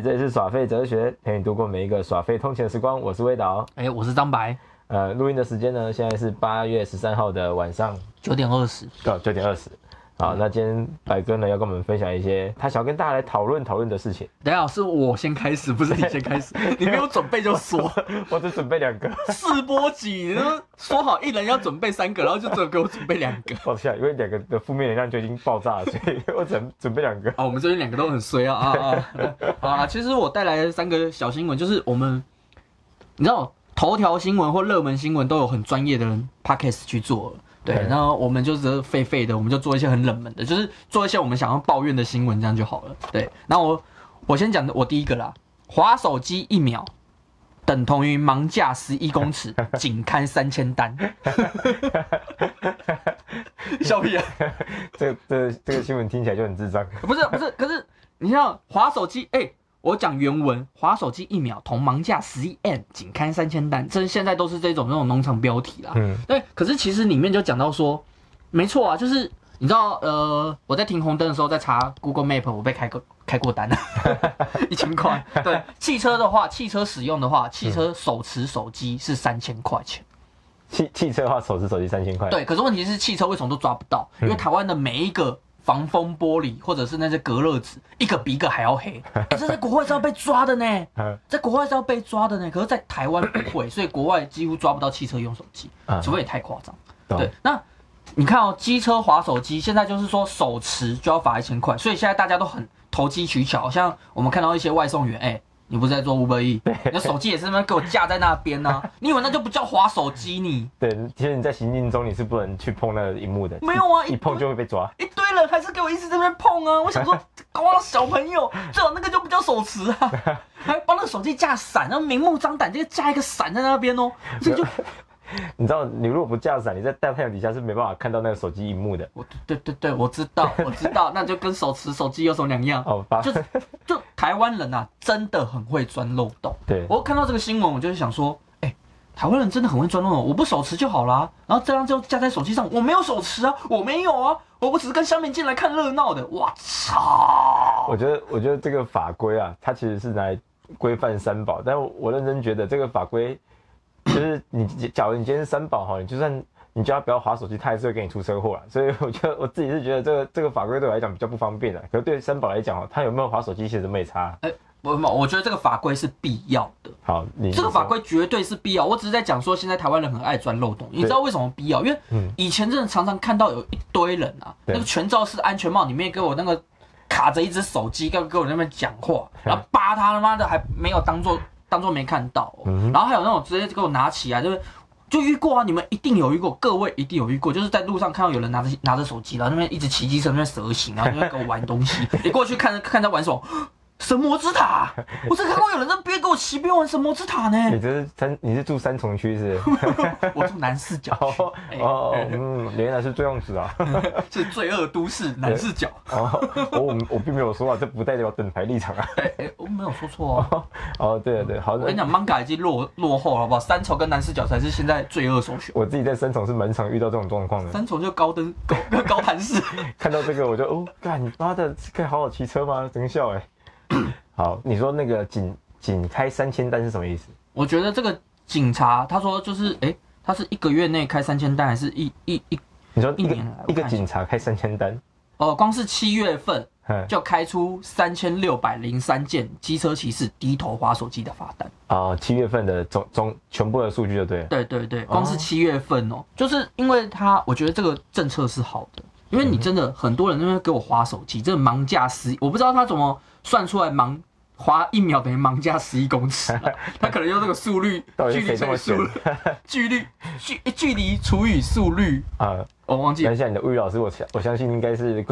這裡是耍廢哲學，陪你度過每一個耍廢通勤的時光。我是威導，哎、欸，我是張白。呃，錄音的時間呢？現在是八月十三號的晚上九點二十，對，九點二十。好，那今天白哥呢要跟我們分享一些他想要跟大家來討論討論的事情。等一下是我先開始，不是你先開始？ 你沒有準備就說？ 我，只我只準備兩個。四波幾？說，說好一人要準備三個，然後就只給我準備兩個。 抱歉，因為兩個的負面能量就已經爆炸了，所以我準準備兩個。啊、哦，我們這邊兩個都很衰啊啊 啊！啊，啊，好啊，其實我帶來的三個小新聞，就是我們你知道，頭條新聞或熱門新聞都有很專業的人 Podcast 去做了。對，然後我們就是廢廢的，我們就做一些很冷門的，就是做一些我們想要抱怨的新聞，這樣就好了。對，然後我我先講的，我第一個啦，滑手機一秒，等同於盲駕十一公尺，僅看三千單，笑屁 啊！ 這這這個新聞聽起來就很智障。 不是不是，可是你像滑手機，哎、欸。我講原文，滑手機一秒同盲駕十一 m，僅開三千單，這現在都是這種那種農場標題啦。嗯，對。可是其實裡面就講到說，沒錯啊，就是你知道，呃，我在停紅燈的時候在查 Google Map，我被開過開過單了， 一千塊。對，汽車的話，汽車使用的話，汽車手持手機是三千塊錢。汽汽車的話，手持手機三千塊。對，可是問題是汽車為什麼都抓不到？嗯、因為台灣的每一個。防風玻璃，或者是那些隔熱紙，一個比一個還要黑。欸、這在國外是要被抓的呢，在國外是要被抓的呢。可是，在台灣不會，所以國外幾乎抓不到汽車用手機。啊，除非也太誇張、uh-huh.。對，那你看哦，機車滑手機，現在就是說手持就要罰一千塊，所以現在大家都很投機取巧。像我們看到一些外送員，哎、欸。你不是在做五百億？你的手機也是在那邊給我架在那邊呢、啊？ 你以為那就不叫滑手機？你對，其實你在行進中你是不能去碰那個螢幕的。沒有啊，一,一碰就會被抓一。一堆人還是給我一直在那邊碰啊！我想說，光小朋友 最好那個就不叫手持啊， 還幫那個手機架傘，然後明目張膽就架一個傘在那邊哦，所以就。 你知道，你如果不架傘，你在大太陽底下是沒辦法看到那個手機螢幕的。我，對對對，我知道，我知道， 那就跟手持手機有什麼兩樣？哦，就是，就台灣人啊，真的很會鑽漏洞。對，我看到這個新聞，我就是想說，哎、欸，台灣人真的很會鑽漏洞。我不手持就好啦，然後這樣就架在手機上，我沒有手持啊，我沒有啊，我我只是跟鄉民進來看熱鬧的。我操！我覺得，我覺得這個法規啊，它其實是來規範三寶，但我認真覺得這個法規。就是你假如你今天是三寶哈，你就算你叫他不要滑手機，他也是會給你出車禍啊。所以我覺得我自己是覺得這個這個法規對我來講比較不方便的。可是對三寶來講，他有沒有滑手機其實都沒差。哎、欸，不，我覺得這個法規是必要的。好，你這個法規絕對是必要。我只是在講說現在台灣人很愛鑽漏洞。你知道為什麼必要？因為以前真的常常看到有一堆人啊，那個全罩式安全帽裡面給我那個卡着一隻手機，要跟我那邊講話， 然後扒他他媽的還沒有當做。當做沒看到、哦嗯，然後還有那種直接就給我拿起來，就是就遇過啊，你們一定有遇過，各位一定有遇過，就是在路上看到有人拿着拿着手機，然後那邊一直騎機車，那邊蛇行，然後在給我玩東西，你 過去看看他玩什麼。神魔之塔，啊，我是看過有人在邊給我騎邊玩神魔之塔呢，欸。你這是三，你是住三重區是？ 我住南市角哦。哦，oh. 哦，欸，原，oh. 欸嗯，來是這樣子啊。 是罪惡都市南市角。哦 ，oh.，我我並沒有說話，這不代表我站台立場啊。 我沒有說錯哦，啊。哦，oh. oh, 啊，對，啊，對，啊，好， 我跟你講，漫 a 已經落落後了好不好？三重跟南市角才是現在罪惡所。選。我自己在三重是蠻常遇到這種狀況的。 三重就高登高高盤式。看到這個我就哦，g o d 你媽的，可以好好騎車嗎？整個笑哎，欸。 好，你說那個僅僅開三千單是什麼意思？我覺得這個警察他說就是，哎、欸，他是一個月內開三千單，還是一一一？你說一,一年來一？一個警察開三千單？哦、呃，光是七月份就開出三千六百零三件機車騎士低頭滑手機的罰單哦、呃，七月份的總總全部的數據就對了，對對對，光是七月份、喔、哦，就是因為他，我覺得這個政策是好的，因為你真的、嗯、很多人都在給我滑手機，真的盲駕駛，我不知道他怎麼。算出來盲，花一秒等於盲加十一公尺。他可能用這個速率， 到底距離除以速，距離距距離除以速率啊！哦、我忘記等一下，你的物理老師我，我相我相信應該是，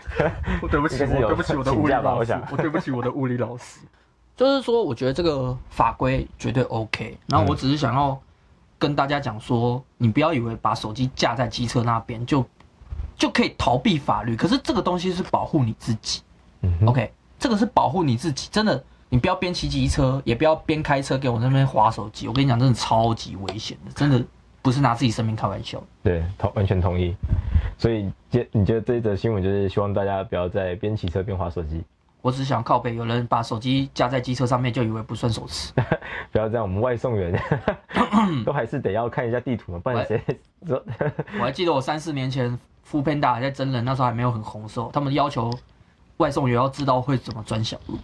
我對不起，我對不起，我的物理老師，我對不起我的物理老師。我就是說，我覺得這個法規絕，絕對 OK。然後我只是想要跟大家講說，你不要以為把手機架在機車那邊就就可以逃避法律。可是這個東西是保護你自己。嗯，OK。這個是保護你自己，真的，你不要邊騎機車，也不要邊開車給我在那邊滑手機。我跟你講，真的超級危險的，真的不是拿自己生命開玩笑。對，同完全同意。所以，就你覺得這則新聞就是希望大家不要在邊騎車邊滑手機。我只想靠北，有人把手機架在機車上面，就以為不算手持。 不要這樣，我們外送員 都還是得要看一下地圖嘛，不然誰？ 我還記得我三四年前 Foodpanda 還在真人，那時候還沒有很紅，時候他們的要求。外送員要知道會怎麼轉小路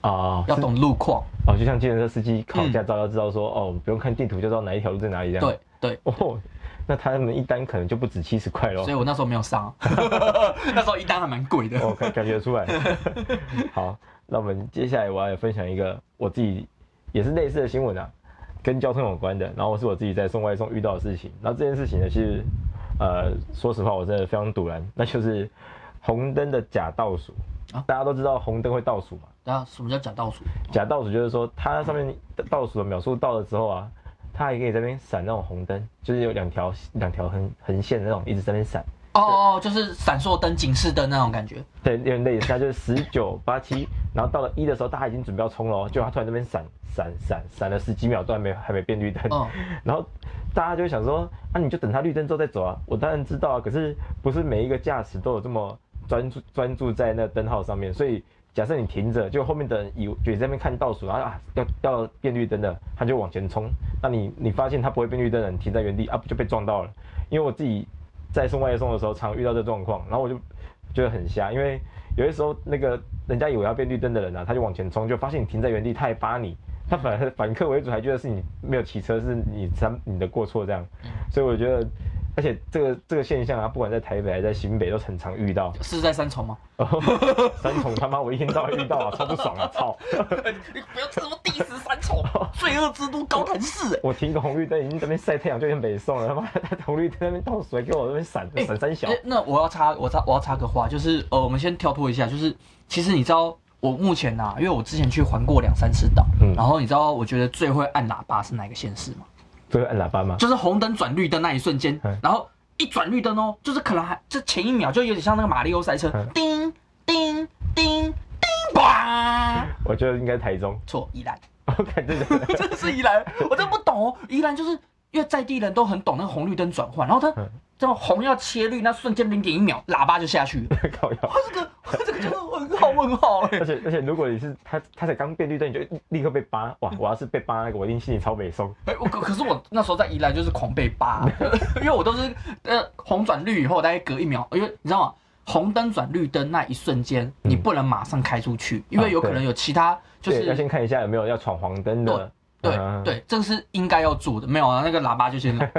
啊、哦，要懂路況啊、哦，就像計程車司機考駕照、嗯、要知道說哦，不用看地圖就知道哪一條路在哪裡這樣。對對哦對，那他們一單可能就不止七十塊咯，所以我那時候沒有上， 那時候一單還蠻貴的，我感覺出來。 好，那我們接下來我要來分享一個我自己也是類似的新聞啊，跟交通有關的，然後是我自己在送外送遇到的事情。那這件事情呢，其實呃，說實話我真的非常賭爛，那就是。紅燈的假倒數啊，大家都知道紅燈會倒數嘛？對、啊、什麼叫假倒數？假倒數就是說，它上面倒數的秒數到了之後啊，它還可以在那邊閃那種紅燈，就是有兩條兩條橫橫線的那種，一直在那邊閃。哦,哦哦，就是閃爍燈、警示燈那種感覺。對，有點類似。它就是十九、八、七，然後到了一的時候，大家已經準備要衝了，就它突然在那邊閃、閃、閃、閃了十幾秒都還沒還沒變綠燈。哦、嗯。然後大家就會想說，那、啊、你就等它綠燈之後再走啊。我當然知道啊，可是不是每一個駕駛都有這麼。專注專注在那燈號上面，所以假設你停着，就後面的人以為在那邊看倒數，然後啊要要變綠燈的，他就往前衝。那你你發現他不會變綠燈的人，停在原地啊，不就被撞到了？因為我自己在送外送的時候，常遇到這狀況，然後我就覺得很瞎，因為有些時候那個人家以為要變綠燈的人呢、啊，他就往前衝，就發現你停在原地，他還巴你，他反而反客為主，還覺得是你沒有騎車，是你咱你的過錯這樣，所以我覺得。而且這個這個現象啊，不管在台北還是在新北，都很常遇到。是在三重嗎？ 三重他媽我一天到晚遇到啊，超不爽啊，操！ 你不要吃什麼第十三重 罪惡之都高譚市。欸，我停個紅綠燈，已經這邊曬太陽就已經沒送了，他媽在紅綠燈那邊倒數給我那邊閃，哎、欸，三小、欸。那我要插，我插我要插個話，就是呃，我們先跳脫一下，就是其實你知道我目前啊，因為我之前去環過兩三次島、嗯，然後你知道我覺得最會按喇叭是哪一個縣市嗎？都是按喇叭嗎？就是紅燈轉綠燈那一瞬間、嗯，然後一轉綠燈哦、喔，就是可能還這前一秒就有點像那個馬里奧賽車、嗯，叮叮叮叮吧。我覺得應該台中。錯，宜蘭。真的這是宜蘭，我真的不懂哦、喔。宜蘭就是。因為在地人都很懂那個紅綠燈轉換，然後他這樣紅要切綠，那瞬間零點一秒，喇叭就下去。他 這個，這個真的很好，很好、欸。而且，而且如果你是他，他才剛變綠燈，你就立刻被扒。哇，我要是被扒那個，我一定心裡超美松。哎、欸，可可是我那時候在宜蘭就是狂被扒， 因為我都是呃紅轉綠以後大概隔一秒，因為你知道嗎？紅燈轉綠燈那一瞬間、嗯，你不能馬上開出去，因為有可能有其他就是要先看一下有沒有要闖黃燈的。對、嗯啊、對，這是應該要做的。沒有了、啊、那個喇叭就先了，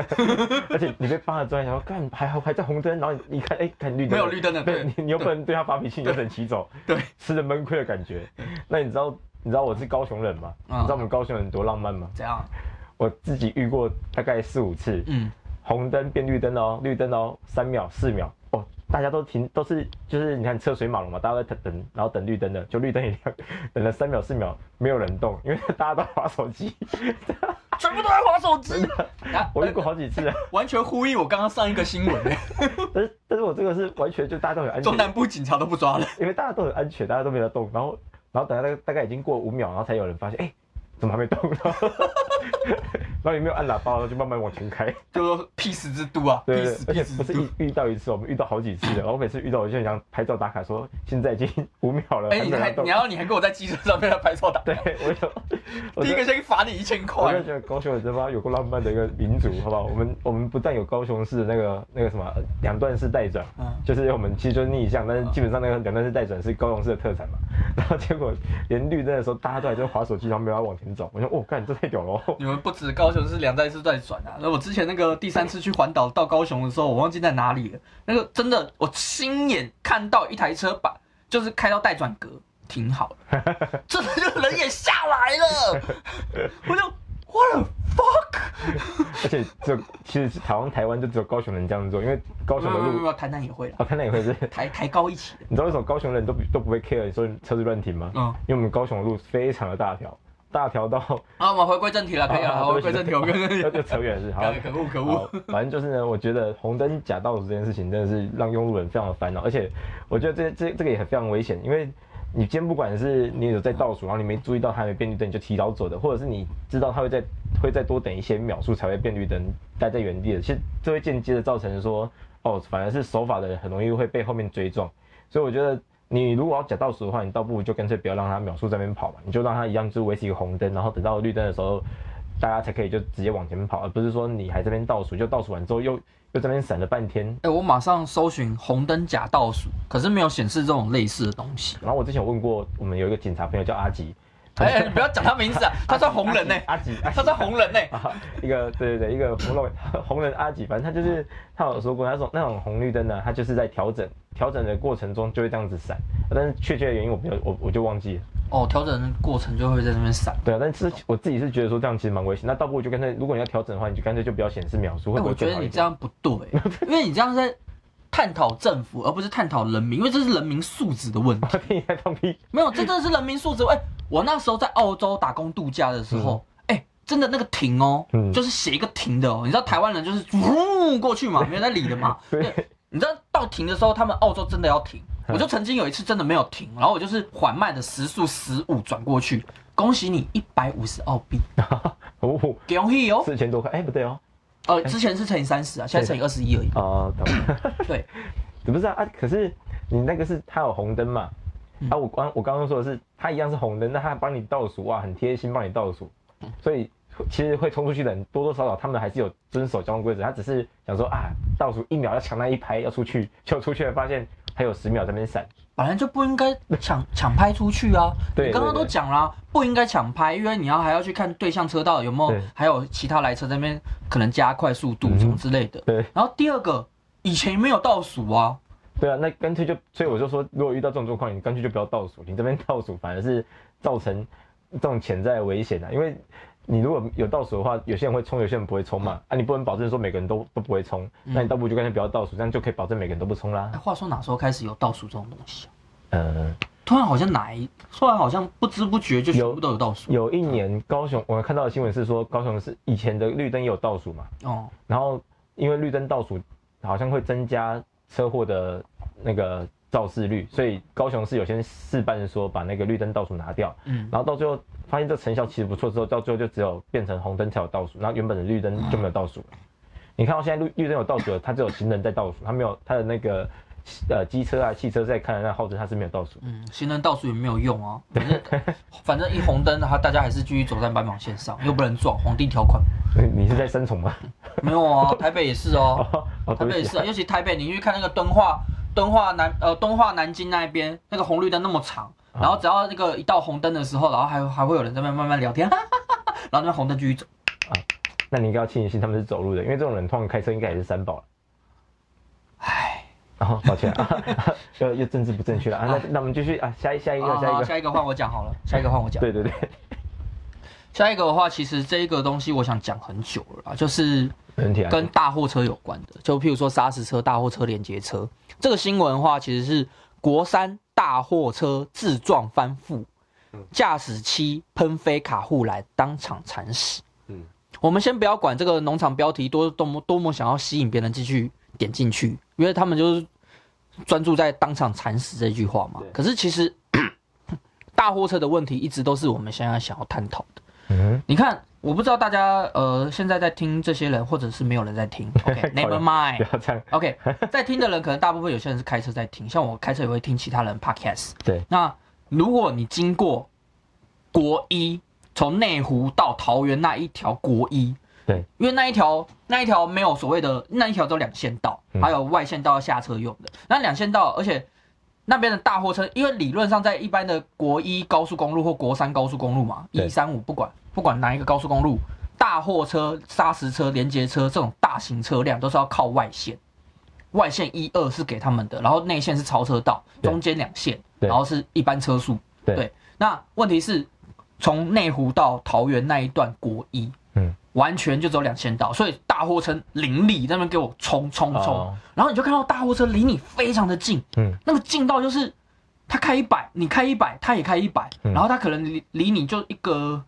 而且你被罰了之後，看還好還在紅燈，然後你一看，哎、欸，看綠燈，沒有綠燈的，對，你你有可能對他發脾氣，有可能騎走，對，吃著悶虧的感覺。那你知道你知道我是高雄人嗎、嗯？你知道我們高雄人多浪漫嗎、嗯？怎樣？我自己遇過大概四五次，嗯，紅燈變綠燈哦，綠燈哦，三秒四秒哦。大家都停，都是就是你看車水馬龍嘛，大家在等，等然後等綠燈的，就綠燈也亮，等了三秒四秒，沒有人動，因為大家都滑手機，全部都在滑手機、啊。我遇過好幾次、啊啊啊、完全呼應我剛剛上一個新聞 但是但是我這個是完全就大家都很安全，中南部警察都不抓了，因為大家都很安全，大家都沒有動，然後然後等下、那個、大概已經過五秒，然後才有人發現，哎、欸。怎麼還沒動呢？ 然後也沒有按喇叭？然後就慢慢往前開。就是屁死之都啊！對，死而且死之都不是遇遇到一次，我們遇到好幾次的。 然後每次遇到，我就想拍照打卡說，說現在已經五秒了。哎、欸，你還，然後你還跟我在機車上他拍照打卡。對，我第一個先罰你一千塊。因為高雄這幫有個浪漫的一個民族，好不好？我們我們不但有高雄市的那個那個什麼兩段式待轉、嗯，就是我們其實就是逆向，但是基本上那個兩段式待轉是高雄市的特產嘛、嗯嗯。然後結果連綠燈的，的時候，大家都在就滑手機，然後沒有往前。我說哦，幹，這太屌了、哦。你們不止高雄是兩段式左轉啊。那我之前那個第三次去環島到高雄的時候，我忘記在哪裡了。那個真的，我親眼看到一台車把就是開到待轉格停好了，真的就人也下來了。我就 What the fuck！而且就，其實台灣，台灣就只有高雄人這樣做，因為高雄的路。台南也會啊，台南也會是台台高一起,高一起。你知道為什麼高雄人都都不被 care，說你車子亂停嗎？嗯，因為我們高雄的路非常的大條。大調到啊！我們回歸正題了，可以了。啊啊、回歸正題，我跟那就扯遠了，是，好 可惡可惡。反正就是呢，我覺得紅燈假倒數這件事情真的是讓用路人非常的煩惱，而且我覺得這這這個也很非常危險，因為你今天不管是你有在倒數，然後你沒注意到它沒變綠燈你就提早走的，或者是你知道他會再會再多等一些秒數才會變綠燈，待在原地的，其實這會間接的造成說，哦，反而是守法的人很容易會被後面追撞，所以我覺得。你如果要假倒數的話，你倒不如就乾脆不要讓它秒數這邊跑吧，你就讓它一樣就維持一個紅燈，然後等到綠燈的時候，大家才可以就直接往前面跑，而不是說你還這邊倒數，就倒數完之後又又這邊閃了半天。哎、欸，我馬上搜尋紅燈假倒數，可是沒有顯示這種類似的東西。然後我之前有問過我們有一個警察朋友叫阿吉。嗯哎、 欸，你不要講他名字啊！啊他叫紅人呢、欸，阿、啊吉，啊吉，啊、吉，他叫紅人呢、欸啊。一個對對對，一個紅 紅人阿吉，反正他就是、嗯、他有說過，那種那種紅綠燈呢，他就是在調整調整的過程中就會這樣子閃，但是確切的原因我不要我我就忘記了。哦，調整的過程就會在那邊閃。對啊，但是我自己是覺得說這樣其實蠻危險、嗯。那倒不如就乾脆，如果你要調整的話，你就乾脆就不要顯示秒數。會會但我覺得你這樣不對， 因為你這樣在。探討政府，而不是探討人民，因為這是人民素質的問題。他天天在放屁。沒有，這真的是人民素質。哎、欸，我那時候在澳洲打工度假的時候，哎、嗯欸，真的那個停哦，嗯、就是寫一個停的哦。你知道台灣人就是嗚過去嘛，沒有在理的嘛。對。你知道到停的時候，他們澳洲真的要停、嗯。我就曾經有一次真的沒有停，然後我就是緩慢的時速十五轉過去。恭喜你一百五十澳幣。哈哈。哦。恭喜哦四千多塊，哎、欸，不對哦。呃、哦，之前是乘以三十啊，欸，現在乘以二十一而已。哦，懂了。對， 你不知道啊。可是你那個是它有紅燈嘛。啊，我剛我剛剛說的是它一樣是紅燈，那它幫你倒數啊，很貼心幫你倒數，所以其實會衝出去的人多多少少他們還是有遵守交通規則，他只是想說啊，倒數一秒要搶那一拍要出去，就出去了，發現還有十秒在那邊閃。本來就不應該搶搶拍出去啊！ 你剛剛都講啦，啊，不應該搶拍，因為你要還要去看對向車道有沒有，還有其他來車這邊可能加快速度什麼之類的，嗯。對。然後第二個，以前沒有倒數啊。對啊，那乾脆就，所以我就說，如果遇到這種狀況，你乾脆就不要倒數，你這邊倒數反而是造成這種潛在的危險啊，因為。你如果有倒數的話，有些人會衝，有些人不會衝嘛。啊，你不能保證說每個人都都不會衝、嗯，那你倒不如就乾脆不要倒數，這樣就可以保證每個人都不衝啦、欸。話說哪時候開始有倒數這種東西啊？呃、嗯，突然好像哪一，突然好像不知不覺就全部都有倒數。有一年高雄，嗯、我看到的新聞是說高雄是以前的綠燈也有倒數嘛。哦。然後因為綠燈倒數好像會增加車禍的那個肇事率，所以高雄是有先試辦說把那個綠燈倒數拿掉。嗯。然後到最後。發現這成效其實不錯之後，到最後就只有變成紅燈才有倒數，然後原本的綠燈就沒有倒數了、嗯、你看到現在綠綠燈有倒數了，它只有行人在倒數，它沒有它的那個呃機車啊、汽車在看的那號燈，它是沒有倒數。嗯，行人倒數也沒有用啊，反正反正一紅燈的話大家還是繼續走在斑馬線上，又不能撞，皇帝條款。你、嗯、你是在申崇嗎？沒有啊，台北也是哦，哦台北也是、哦、啊，尤其台北，你去看那個敦化敦化南呃敦化南京那邊那個紅綠燈那麼長。然後只要那個一到紅燈的時候，然後還還會有人在那慢慢聊天，哈哈哈哈然後那邊紅燈繼續走啊。那你應該要慶幸他們是走路的，因為這種人通常開車應該也是三寶了。唉，然、哦、後抱歉啊，又、啊啊、又政治不正確了啊。那那我們繼續啊，下一下一個，啊、下一個、啊啊，下一個換我講好了，下一個換我講。嗯、對對對，下一個的話，其實這一個東西我想講很久了啊，就是跟大貨車有關的，就譬如說砂石車、大貨車、連接車，這個新聞的話，其實是國三，大貨車自撞翻覆，駕駛妻噴飛，卡護欄當場慘死。嗯，我們先不要管這個農場標題多多麼多麼想要吸引別人繼續點進去，因為他們就是專注在“當場慘死”這句話嘛。可是其實大貨車的問題一直都是我們現在想要探討的。 你看，我不知道大家呃，現在在聽這些人，或者是沒有人在聽。OK，Never, okay, mind。OK，在聽的人可能大部分有些人是開車在聽，像我開車也會聽其他人 Podcast。對，那如果你經過國一，從內湖到桃園那一條國一，對，因為那一條那一條沒有所謂的，那一條都兩線道，還有外線道要下車用的。那兩線道，而且。那邊的大貨車，因為理論上在一般的國一高速公路或國三高速公路嘛，一三五不管不管哪一個高速公路，大貨車、砂石車、聯結車這種大型車輛都是要靠外線，外線一二是給他們的，然後內線是超車道，中間兩線，然後是一般車速。對，對那問題是，從內湖到桃園那一段國一。嗯，完全就只有兩千道，所以大貨車凌厲在那邊給我衝衝衝，然後你就看到大貨車離你非常的近，嗯，那個近到就是，他開一百，你開一百，他也開一百，嗯，然後他可能離離你就一個，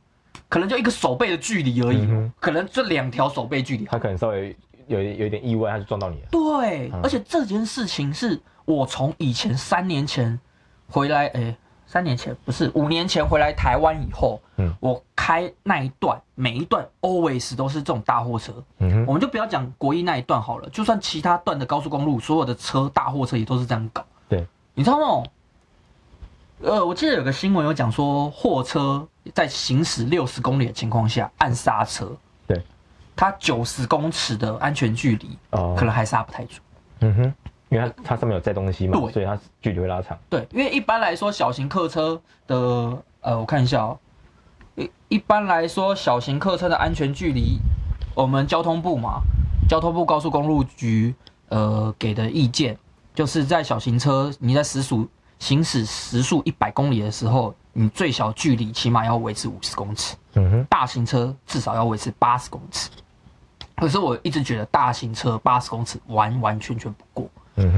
可能就一個手背的距離而已，嗯，可能就兩條手背距離，他可能稍微有有，有一點意外，他就撞到你了。對，嗯，而且這件事情是我從以前三年前回來，哎，欸，三年前不是五年前回來台灣以後。嗯，我開那一段，每一段 always 都是這種大貨車。嗯哼，我們就不要講國一那一段好了，就算其他段的高速公路，所有的車大貨車也都是這樣搞。對，你知道那種，呃，我記得有個新聞有講說，貨車在行駛六十公里的情況下按剎車，對，它九十公尺的安全距離，哦，可能還剎不太住。嗯哼，因為它，它上面有載東西嘛，對，所以它距離會拉長。對，因為一般來說小型客車的，呃，我看一下哦。一一般來說，小型客車的安全距離，我們交通部嘛，交通部高速公路局呃給的意見，就是在小型車你在時速行駛時速一百公里的時候，你最小距離起碼要維持五十公尺，大型車至少要維持八十公尺。可是我一直覺得大型車八十公尺完完全全不夠。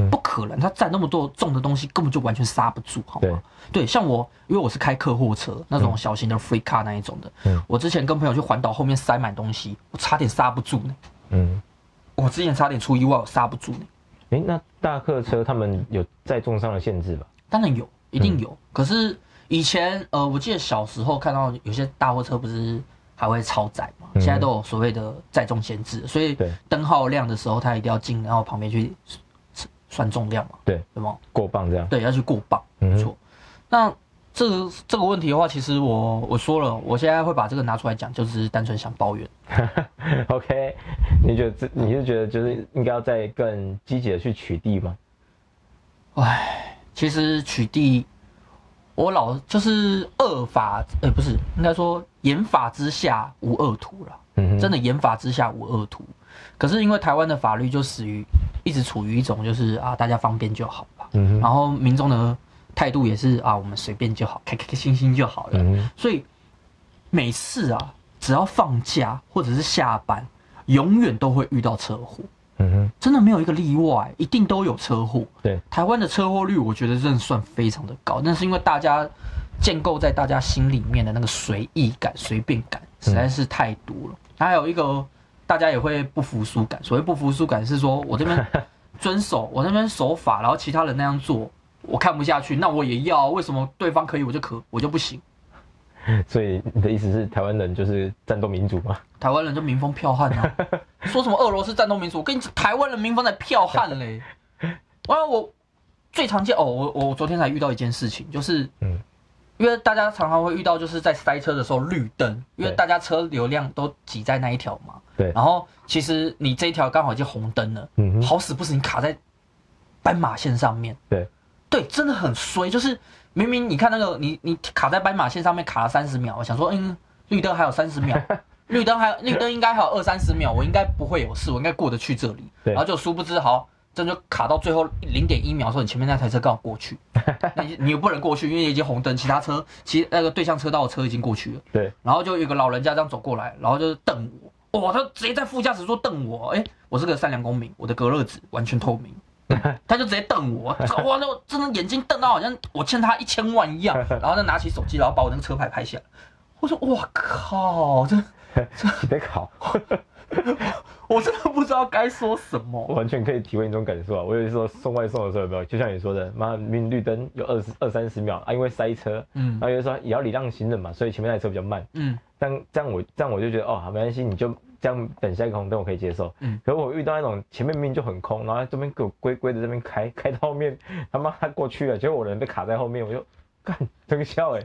不可能，他佔那麼多重的東西，根本就完全剎不住，好嗎？對，像我，因為我是開客貨車，那種小型的 free car 那一種的、嗯，我之前跟朋友去環島後面塞滿東西，我差點剎不住嗯，我之前差點出意外，我剎不住、欸、那大客車他們有載重上的限制吧？當然有，一定有、嗯。可是以前，呃，我記得小時候看到有些大貨車不是還會超載嘛、嗯？現在都有所謂的載重限制，所以燈號亮的時候，他一定要進，然後旁邊去。算重量嘛？對，什麼過磅這樣？對，要去過磅，沒、嗯、錯。那這這個問題的話，其實我我說了，我現在會把這個拿出來講，就是單純想抱怨。 OK，你覺得這你是覺得就是應該要再更積極的去取締嗎？唉，其實取締我老就是惡法，哎、欸，不是應該說嚴法之下無惡徒了。嗯，真的嚴法之下無惡徒。可是因為台灣的法律就死於。一直處於一種就是啊，大家方便就好吧。嗯哼。然後民眾的態度也是啊，我們隨便就好，開，開開心心就好了。嗯。所以每次啊，只要放假或者是下班，永遠都會遇到車禍。嗯哼。真的沒有一個例外欸，一定都有車禍。對。台灣的車禍率，我覺得真的算非常的高，那是因為大家建構在大家心裡面的那個隨意感、隨便感，實在是太多了。嗯。還有一個。大家也會不服輸感。所謂不服輸感是說，我這邊遵守，我那邊守法，然後其他人那樣做，我看不下去，那我也要。為什麼對方可以，我就可，我就不行？所以你的意思是台灣人就是戰鬥民族嗎？台灣人就民風剽悍啊！說什麼俄羅斯戰鬥民族，我跟你講，台灣人民風在剽悍嘞！哇、啊，我最常見哦，我我昨天才遇到一件事情，就是，嗯，因為大家常常會遇到，就是在塞車的時候綠燈，因為大家車流量都擠在那一條嘛。對，然後其實你這一條剛好已經紅燈了，嗯，好死不死你卡在斑馬線上面，對，對，真的很衰，就是明明你看那個你你卡在斑馬線上面卡了三十秒，我想說嗯綠燈還有三十秒，綠燈還有 綠燈還，綠燈應該還有二三十秒，我應該不會有事，我應該過得去這裡，對，然後就殊不知好，真就卡到最後零點一秒的時候，你前面那台車剛好過去， 那你你又不能過去，因為已經紅燈，其他車其實那個對向車道的車已經過去了，對，然後就有個老人家這樣走過來，然後就是等。哇、哦！他直接在副駕駛座瞪我，哎、欸，我是個善良公民，我的隔熱紙完全透明、嗯，他就直接瞪我，哇，那我，真的眼睛瞪到好像我欠他一千萬一樣，然後他拿起手機，然後把我那個車牌拍下來，我說哇靠，這，真別考，我真的不知道該說什麼，我完全可以體會那種感受啊！我有一次送外送的時候，有沒有就像你說的，媽明明綠燈有二十二三十秒啊，因為塞車，嗯，然後有人說也要禮讓行人嘛，所以前面那台車比較慢，嗯，但這樣我這樣我就覺得哦，沒關係，你就。這樣等下一個紅燈我可以接受、嗯，可是我遇到那種前面明明就很空，然後這邊狗龜龜的這邊開開到後面，他媽他過去了，結果我人被卡在後面，我就幹，等笑哎，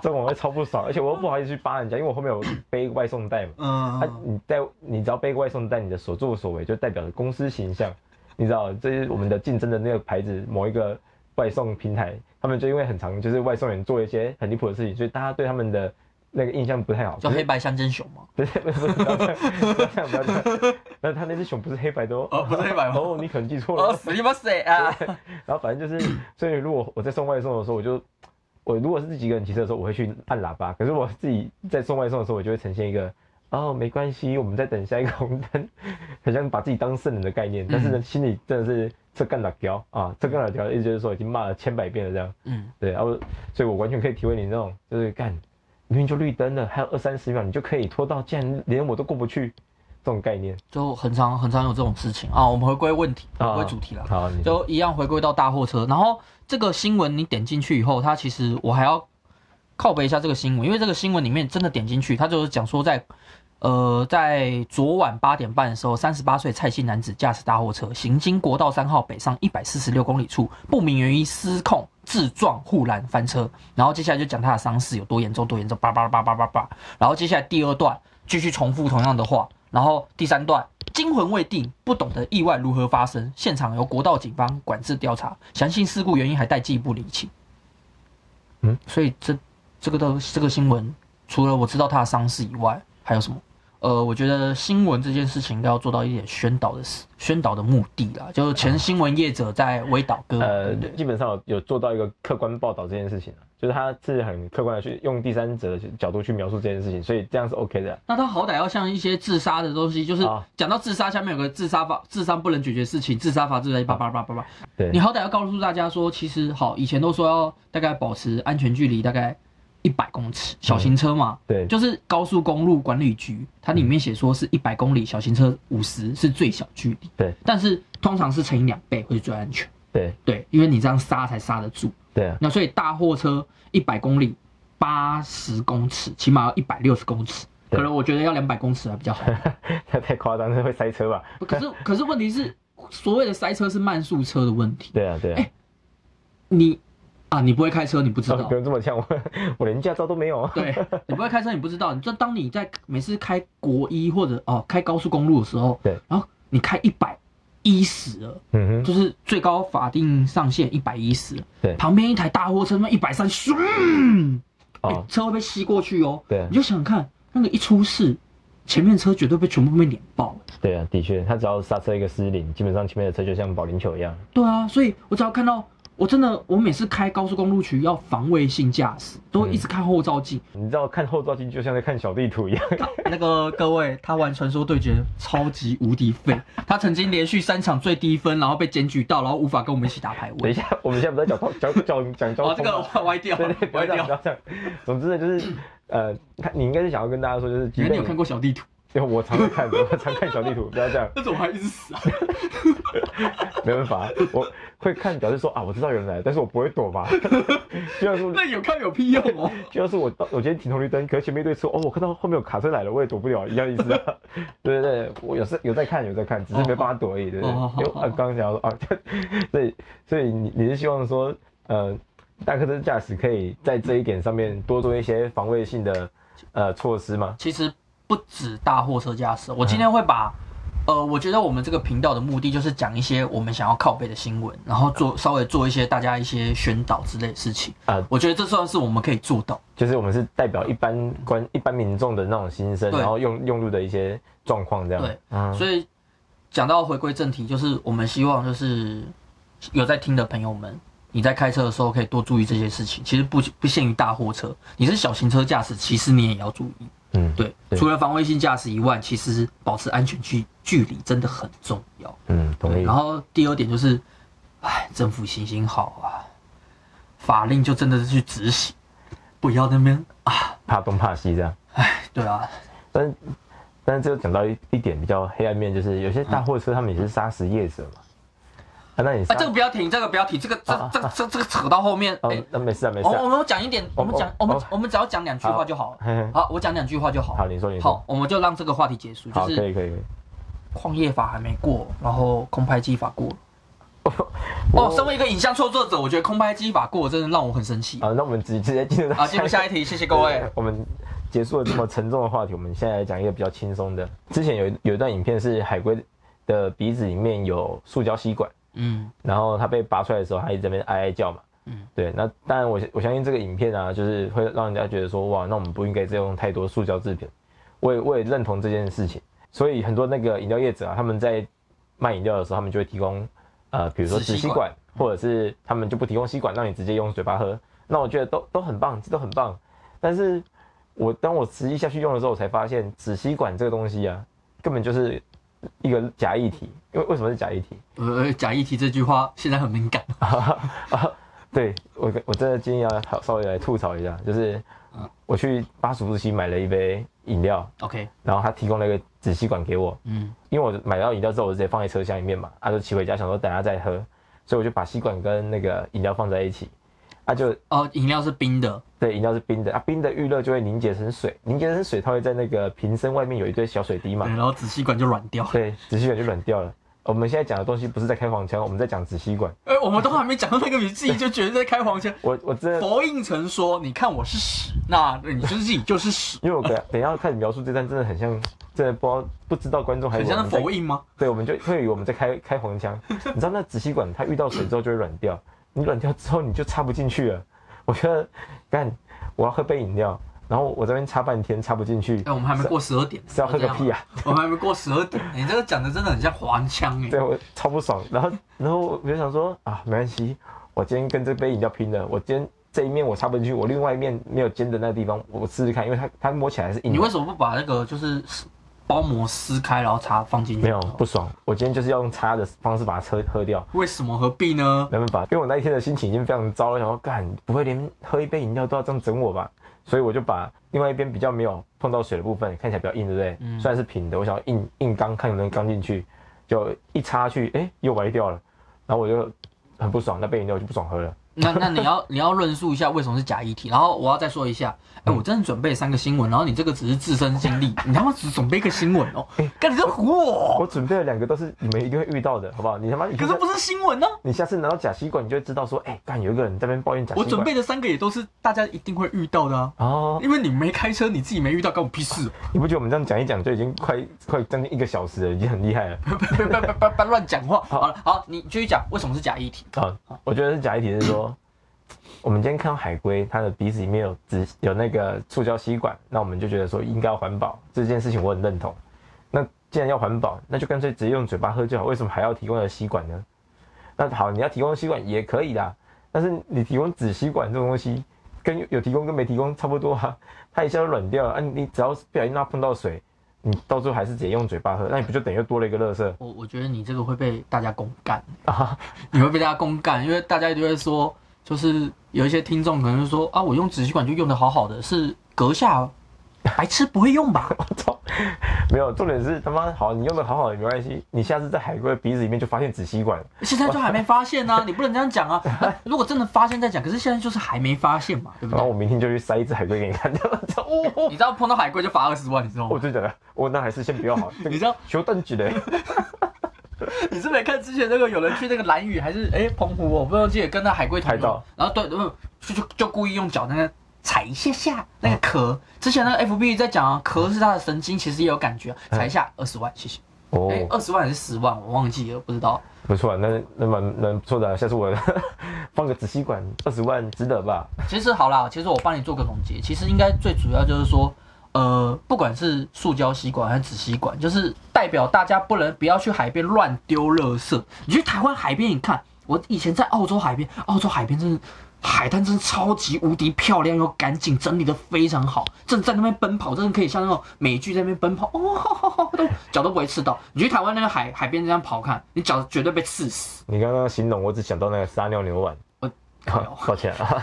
這種我會超不爽，而且我又不好意思去扒人家，因為我後面有背外送袋嘛，嗯，他、啊、你在，你只要背外送袋，你的所作所為就代表着公司形象，你知道，這是我們的競爭的那個牌子某一個外送平台，他們就因為很常就是外送員做一些很離譜的事情，所以大家對他們的那個印象不太好，叫黑白相間熊嗎？不是，不是，這樣不要這樣。那 他那隻熊不是黑白的哦，哦不是黑白哦， 你可能記錯了。誰不誰啊？然後反正就是， 所以如果我在送外送的時候，我就我如果是自己一個人騎車的時候，我會去按喇叭。可是我自己在送外送的時候，我就會呈現一個哦，沒關係，我們再等下一個紅燈，好像把自己當聖人的概念。但是呢，嗯、心裡真的是這幹哪條啊，這幹哪條？意、嗯、思、就是、就是說已經罵了千百遍了這樣。嗯，對啊我，我所以，我完全可以體會你那種就是幹。幹明明就綠燈了，還有二三十秒，你就可以拖到竟然連我都過不去，這種概念就很常、很常有這種事情啊。我們回歸問題，回歸主題了、啊，好，就一樣回歸到大貨車。然後這個新聞你點進去以後，它其實我還要靠北一下這個新聞，因為這個新聞裡面真的點進去，它就是講說在。呃，在昨晚八點半的時候，三十八歲蔡姓男子駕駛大貨車行經國道三號北上一百四十六公里處，不明原因失控自撞護欄翻車。然後接下來就講他的傷勢有多嚴重，多嚴重，叭叭叭叭叭叭。然後接下來第二段繼續重複同樣的話。然後第三段驚魂未定，不懂得意外如何發生，現場由國道警方管制調查，詳細事故原因還待進一步理清。嗯，所以這這個的這個新聞，除了我知道他的傷勢以外，還有什麼？呃，我覺得新聞這件事情應該要做到一點宣導的事，宣導的目的啦，就是前新聞業者在微導哥。呃，對、嗯，基本上有做到一個客觀報道這件事情，就是他是很客觀的去用第三者的角度去描述這件事情，所以這樣是 OK 的。那他好歹要像一些自殺的東西，就是講到自殺，下面有個自殺法，自殺不能解決事情，自殺法自殺，叭叭叭叭叭。對，你好歹要告訴大家說，其實好，以前都說要大概保持安全距離，大概。一百公尺，小型車嘛、嗯，對，就是高速公路管理局，它裡面寫說是一百公里，小型車五十是最小距離，對，但是通常是乘以兩倍會是最安全，對，對，因為你這樣剎才剎得住，對、啊，那所以大貨車一百公里，八十公尺，起碼要一百六十公尺，可能我覺得要兩百公尺還比較好， 太誇張，那會塞車吧？ 可是可是問題是，所謂的塞車是慢速車的問題，對啊對啊，欸、你。啊，你不會開車，你不知道。哦，、你不用這麼嗆我，我連駕照都沒有啊。對，你不會開車，你不知道。你就當你在每次開國一或者哦開高速公路的時候，對，然後你開一百一十了，嗯哼，就是最高法定上限一百一十。對，旁邊一台大貨車那一百三十，嗯、哦、欸，車會被吸過去哦。對，你就想想看那個一出事，前面車絕對被全部被碾爆。對啊，的確，他只要剎車一個失靈，基本上前面的車就像保齡球一樣。對啊，所以我只要看到。我真的，我每次開高速公路去，要防衛性駕駛，都一直看後照鏡，嗯。你知道看後照鏡就像在看小地圖一樣。啊、那個各位，他玩傳說對決 超級無敵廢，他曾經連續三場最低分，然後被檢舉到，然後無法跟我們一起打排位。等一下，我們現在不在講講講講這個，這個歪掉對對對，歪掉。總之呢，就是呃，他你應該是想要跟大家說，就是你有看過小地圖。我常在看，我常看小地圖，不要這樣。那種還一直死？沒辦法，我會看，表示說啊，我知道有人來了，但是我不會躲嘛。就 那然說 有看有屁用哦？就是我我今天停紅綠燈，可是前面一堆車哦，我看到後面有卡車來了，我也躲不了一樣意思、啊。 對對對，我有時有在看，有在看，只是沒辦法躲而已，oh、對不對、oh oh？啊，剛剛講說啊，對，所以你你是希望說，呃，大客車駕駛可以在這一點上面多做一些防衛性的呃措施嗎？其實。不止大貨車駕駛，我今天會把、嗯，呃，我覺得我們這個頻道的目的就是講一些我們想要靠北的新聞，然後做稍微做一些大家一些宣導之類的事情、呃。我覺得這算是我們可以做到，就是我們是代表一般關一般民眾的那種心聲，然後用用路的一些狀況這樣。對，嗯、所以講到回歸正題，就是我們希望就是有在聽的朋友們，你在開車的時候可以多注意這些事情。其實不不限於大貨車，你是小型車駕駛，其實你也要注意。嗯對，對，除了防衛性駕駛以外，其實保持安全距距離真的很重要。嗯，同意。然後第二點就是，哎，政府行行好啊，法令就真的是去執行，不要那邊啊怕東怕西這樣。哎，對啊。但是但是這個講到一一點比較黑暗面，就是有些大貨車他們也是砂石業者嘛。嗯啊、那也、啊、這個不要停，這個不要停，這個、啊、這、啊、這這個啊、這個扯到後面，哎、啊，那、欸啊、沒事啊，沒、哦、事。我們講一點，哦哦、我們講、哦、我們我們只要講兩句話就好，了好嘿嘿。好，我講兩句話就好。好，你說你說。好，我們就讓這個話題結束。就是可以可以。礦業法還沒過，然後空拍機法過。哦，哦身為一個影像創作者，我覺得空拍機法過真的讓我很生氣。好、哦哦啊，那我們直接進入到進入下一題，啊下一題， 謝謝各位。我們結束了這麼沉重的話題， 我們現在來講一個比較輕鬆的。之前有有一段影片是海龜的鼻子裡面有塑膠吸管。嗯，然後他被拔出來的時候，他一直在那邊哀哀叫嘛。嗯，對。那當然，但我我相信這個影片啊，就是會讓人家覺得說，哇，那我們不應該再用太多塑膠製品。我也我也認同這件事情。所以很多那個飲料業者啊，他們在賣飲料的時候，他們就會提供，呃，比如說紙吸管，吸管，或者是他們就不提供吸管，讓你直接用嘴巴喝。那我覺得都都很棒，這都很棒。但是我，我當我實際下去用的時候，我才發現紙吸管這個東西啊，根本就是。一個假議題，因為為什麼是假議題？呃，假議題這句話現在很敏感、 啊啊。對，我我真的今天要好稍微來吐槽一下，就是我去巴蜀之西買了一杯飲料，OK，然後他提供了一個紙吸管給我。嗯，因為我買到飲料之後，我就直接放在車廂裡面嘛，他、啊、就騎回家想說等下再喝，所以我就把吸管跟那個飲料放在一起。那、啊、就哦，啊、飲料是冰的，對，飲料是冰的啊，冰的遇熱就會凝結成水，凝結成水，它會在那個瓶身外面有一堆小水滴嘛。然後紙吸管就軟掉了。對，紙吸管就軟掉了。 我們現在講的東西不是在開黃腔，我們在講紙吸管。誒、欸、我們都還沒講到那個你自己就覺得在開黃腔。我我真的佛印曾說，你看我是屎，那你就是自己就是屎。 因為我等等一下開始描述這段真的很像，真的不知道不知道，不知道觀眾很像是佛印嗎？對，我們就會以為我們在開開黃腔。 你知道那紙吸管它遇到水之後就會軟掉。你冷掉之後你就插不進去了，我覺得，看，我要喝杯飲料，然後我在這邊插半天插不進去。那、欸、我們還沒過十二點是，是要喝個屁啊！我們還沒過十二點，你、 欸、這個講的真的很像黃腔哎、欸。對，我超不爽。然後，然後我就想說啊，沒關係，我今天跟這杯飲料拼了。我今天這一面我插不進去，我另外一面沒有尖的那個地方我試試看，因為它它摸起來是硬的。你為什麼不把那個就是？包膜撕開，然後插放進去，沒有不爽。我今天就是要用插的方式把它喝喝掉。為什麼？何必呢？沒辦法，因為我那一天的心情已經非常糟了，我想要幹，不會連喝一杯飲料都要這樣整我吧？所以我就把另外一邊比較沒有碰到水的部分，看起來比較硬，對不對？嗯，雖然是平的，我想要硬硬剛，看有沒有剛進去就一插去，哎、欸，又歪掉了，然後我就很不爽，那杯飲料就不爽喝了。 那那你要你要論述一下為什麼是假議題，然後我要再說一下，哎、欸，我真的準備三個新聞，然後你這個只是自身經歷，你他媽只準備一個新聞哦，哎、欸，幹你這唬我、哦，我準備了兩個都是你們一定會遇到的，好不好？你他媽可是不是新聞呢、啊？你下次拿到假吸管，你就會知道說，哎、欸，幹，有一個人在那邊抱怨假吸管。我準備的三個也都是大家一定會遇到的啊，哦，因為你沒開車，你自己沒遇到，關我屁事、哦哦。你不覺得我們這樣講一講就已經快快將近一個小時了，已經很厲害了？別別別亂講話， 好了好，好，你繼續講為什麼是假議題好，我覺得是假議題是說。 我們今天看到海龜，它的鼻子裡面有紙有那個塑膠吸管，那我們就覺得說應該要環保這件事情，我很認同。那既然要環保，那就乾脆直接用嘴巴喝就好，為什麼還要提供個吸管呢？那好，你要提供吸管也可以的，但是你提供紙吸管這種東西，跟有提供跟沒提供差不多啊，它一下就軟掉了啊。你只要不小心它碰到水，你到最後還是直接用嘴巴喝，那你不就等於多了一個樂色？我我覺得你這個會被大家公幹啊， 你會被大家公幹，因為大家就會說。就是有一些聽眾可能就說啊，我用紙吸管就用的好好的，是閣下白、啊、痴不會用吧？我操，沒有重點是他媽好，你用的好好的沒關係，你下次在海龜的鼻子裡面就發現紙吸管，現在就還沒發現呢、啊， 你不能這樣講啊！如果真的發現再講，可是現在就是還沒發現嘛，對不對？ 然後我明天就去塞一只海龜給你看， 你知道碰到海龜就罰二十萬，你知道嗎？我真講的，我那還是先不要好，你知道求證據的。 你是沒看之前那個有人去那個蘭嶼還是哎澎湖、哦？我不忘記跟那海龜抬到然後對，就就就故意用腳那個踩一下下那個殼、嗯。之前那個 F B 在講啊，殼是他的神經，其實也有感覺，踩一下二十萬，謝謝。哎、哦，二十萬還是十萬？我忘記了，不知道。不錯，那那蠻蠻不錯的，下次我放個紙吸管，二十萬值得吧？其實好啦，其實我幫你做個總結，其實應該最主要就是說。呃，不管是塑膠吸管還是紙吸管，就是代表大家不能不要去海邊亂丟垃圾。你去台灣海邊你看，我以前在澳洲海邊，澳洲海邊真是海灘，真是超級無敵漂亮又乾淨，整理得非常好。正在那邊奔跑，真的可以像那種美劇在那邊奔跑，哦，呵呵呵都腳都不會刺到。你去台灣那個海海邊這樣跑，看，你腳絕對被刺死。你剛剛形容，我只想到那個撒尿牛丸。哦、抱歉啊，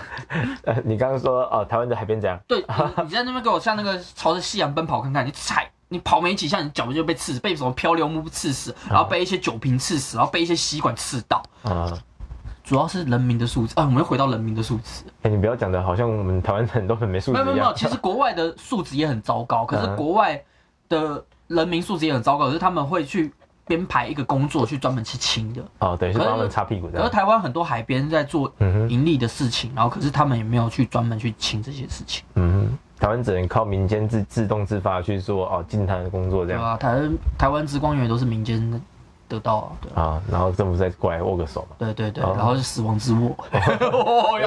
呃，你剛剛說哦、啊，台灣的海邊這樣？對你，你在那邊給我像那個朝着夕陽奔跑，看看你踩，你跑沒幾下，你腳就就被刺死，被什麼漂流木刺死，刺死，然後被一些酒瓶刺死，然後被一些吸管刺到。啊，主要是人民的素質啊，我們又回到人民的素質。哎，你不要講的好像我們台灣人很多很沒素質。沒有沒有，其實國外的素質也很糟糕，可是國外的人民素質也很糟糕，可是他們會去。編排一個工作去專門去清的啊、哦，對，是幫他們擦屁股的。而台灣很多海邊在做盈利的事情，嗯，然後可是他們也沒有去專門去清這些事情。嗯，台灣只能靠民間自自動自發去做啊，淨、哦、灘的工作這樣。對啊，台台灣之光源都是民間得到啊。啊、哦，然後政府再過來握個手嘛。對對對，哦，然後是死亡之握。 我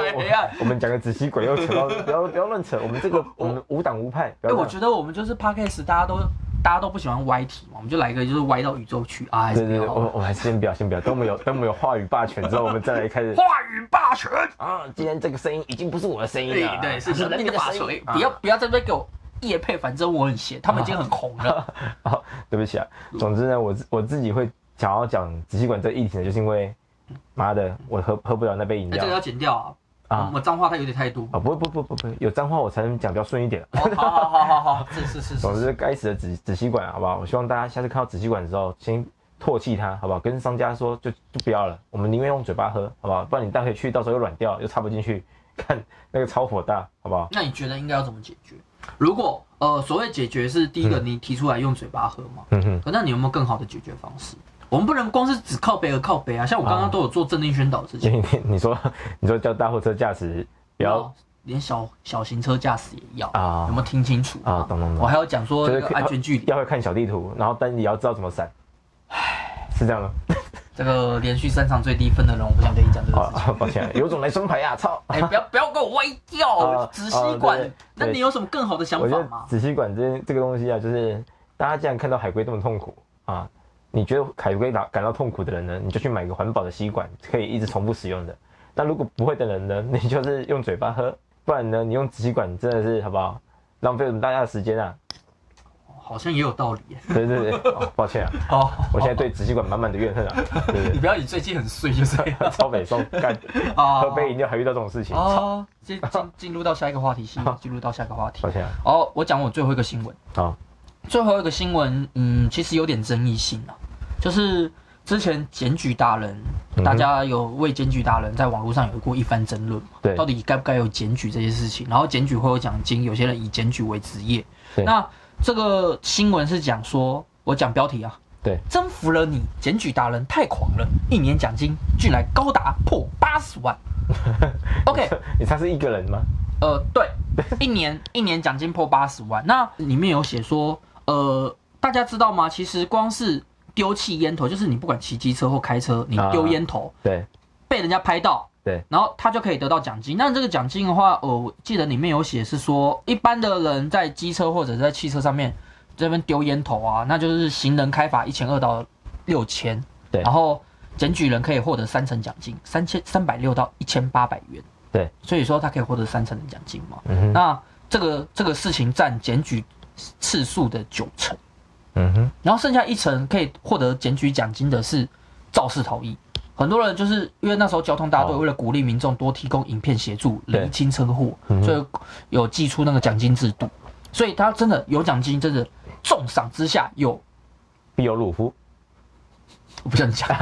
們講 個仔細鬼又扯到，不要不要亂扯。 我們這個我們無黨無派。 欸、我覺得我們就是 Podcast 大家都。大家都不喜歡歪題嘛，我們就來一個，就是歪到宇宙去。啊！對對、對，我我還是先不要 先不要，等我們有等我們有話語霸權之後，我們再來開始。話語霸權啊！今天這個聲音已經不是我的聲音了、啊，對對，是神秘的霸權、啊啊。不要不要在這給我業配，反正我很閒，他們已經很紅了。好、啊 啊，對不起啊。總之呢，我我自己會想要講紙吸管這個議題呢，就是因為媽的，我喝喝不了那杯飲料、欸，這個要剪掉啊。啊、嗯，我、嗯、髒話他有點太多啊！不不不不不，有髒話我才能講比較順一點。哦、好,好,好,好，好，好，好，好，是是是總之，該死的紙紙吸管，好不好？我希望大家下次看到紙吸管的時候，先唾棄它，好不好？跟商家說就就不要了，我們寧願用嘴巴喝，好不好？不然你帶回去，到時候又軟掉，又插不進去，看那個超火大，好不好？那你覺得應該要怎麼解決？如果呃，所謂解決是第一個，你提出來用嘴巴喝嘛，嗯哼。可那你有沒有更好的解決方式？我們不能光是只靠北，而靠北啊！像我剛剛都有做政令宣導之前、嗯、你，你說你說叫大貨車駕駛不要，哦、連小小型車駕駛也要啊、嗯？有沒有聽清楚啊？懂懂懂。我還要講說個安全距離、就是、要會看小地圖，然後但你要知道怎麼閃。唉，是這樣的。這個連續三場最低分的人，我不想跟你講這個事情、嗯。抱歉，有種來雙排啊。操，哎、欸，不要不要給我歪掉，紙吸管。那你有什麼更好的想法嗎？紙吸管這這個東西啊，就是大家既然看到海龜這麼痛苦啊。嗯你覺得海龜感到痛苦的人呢，你就去買個環保的吸管，可以一直重複使用的。但如果不會的人呢，你就是用嘴巴喝，不然呢，你用紙吸管真的是好不好？浪費我們大家的時間啊！好像也有道理。對對對，哦、抱歉啊， 我現在對紙吸管滿滿的怨恨啊。 對對對，你不要以最近很碎就是 超美，超幹，喝杯飲料還遇到這種事情。好，進進進入到下一個話題，是進入到下一個話題。抱歉、啊。哦，我講我最後一個新聞。好、哦。最後一個新聞，嗯，其實有點爭議性、啊、就是之前檢舉達人、嗯，大家有為檢舉達人在網絡上有過一番爭論對，到底該不該有檢舉這些事情？然後檢舉會有獎金，有些人以檢舉為職業。對，那這個新聞是講說，我講標題啊，對，征服了你，檢舉達人太狂了，一年獎金居然高達破八十萬。 OK，你猜是一個人嗎？呃，對，一年一年獎金破八十萬，那裡面有寫說。呃，大家知道嗎？其實光是丟棄煙頭，就是你不管騎機車或開車，啊、你丟煙頭，對，被人家拍到，對，然後他就可以得到獎金。那這個獎金的話、呃，我記得裡面有寫是說，一般的人在機車或者在汽車上面這邊丟煙頭啊，那就是行人開罰一千二到六千，對，然後檢舉人可以獲得三成獎金，三千三百六到一千八百元，對，所以說他可以獲得三成的獎金嘛。嗯哼，那這個這個事情佔檢舉次數的九成，嗯，然後剩下一成可以獲得檢舉獎金的是肇事逃逸。很多人就是因為那時候交通大隊為了鼓勵民眾多提供影片協助釐、哦、清車禍、嗯、所以有祭出那個獎金制度，所以他真的有獎金，真的重賞之下有必有魯夫。我不想講，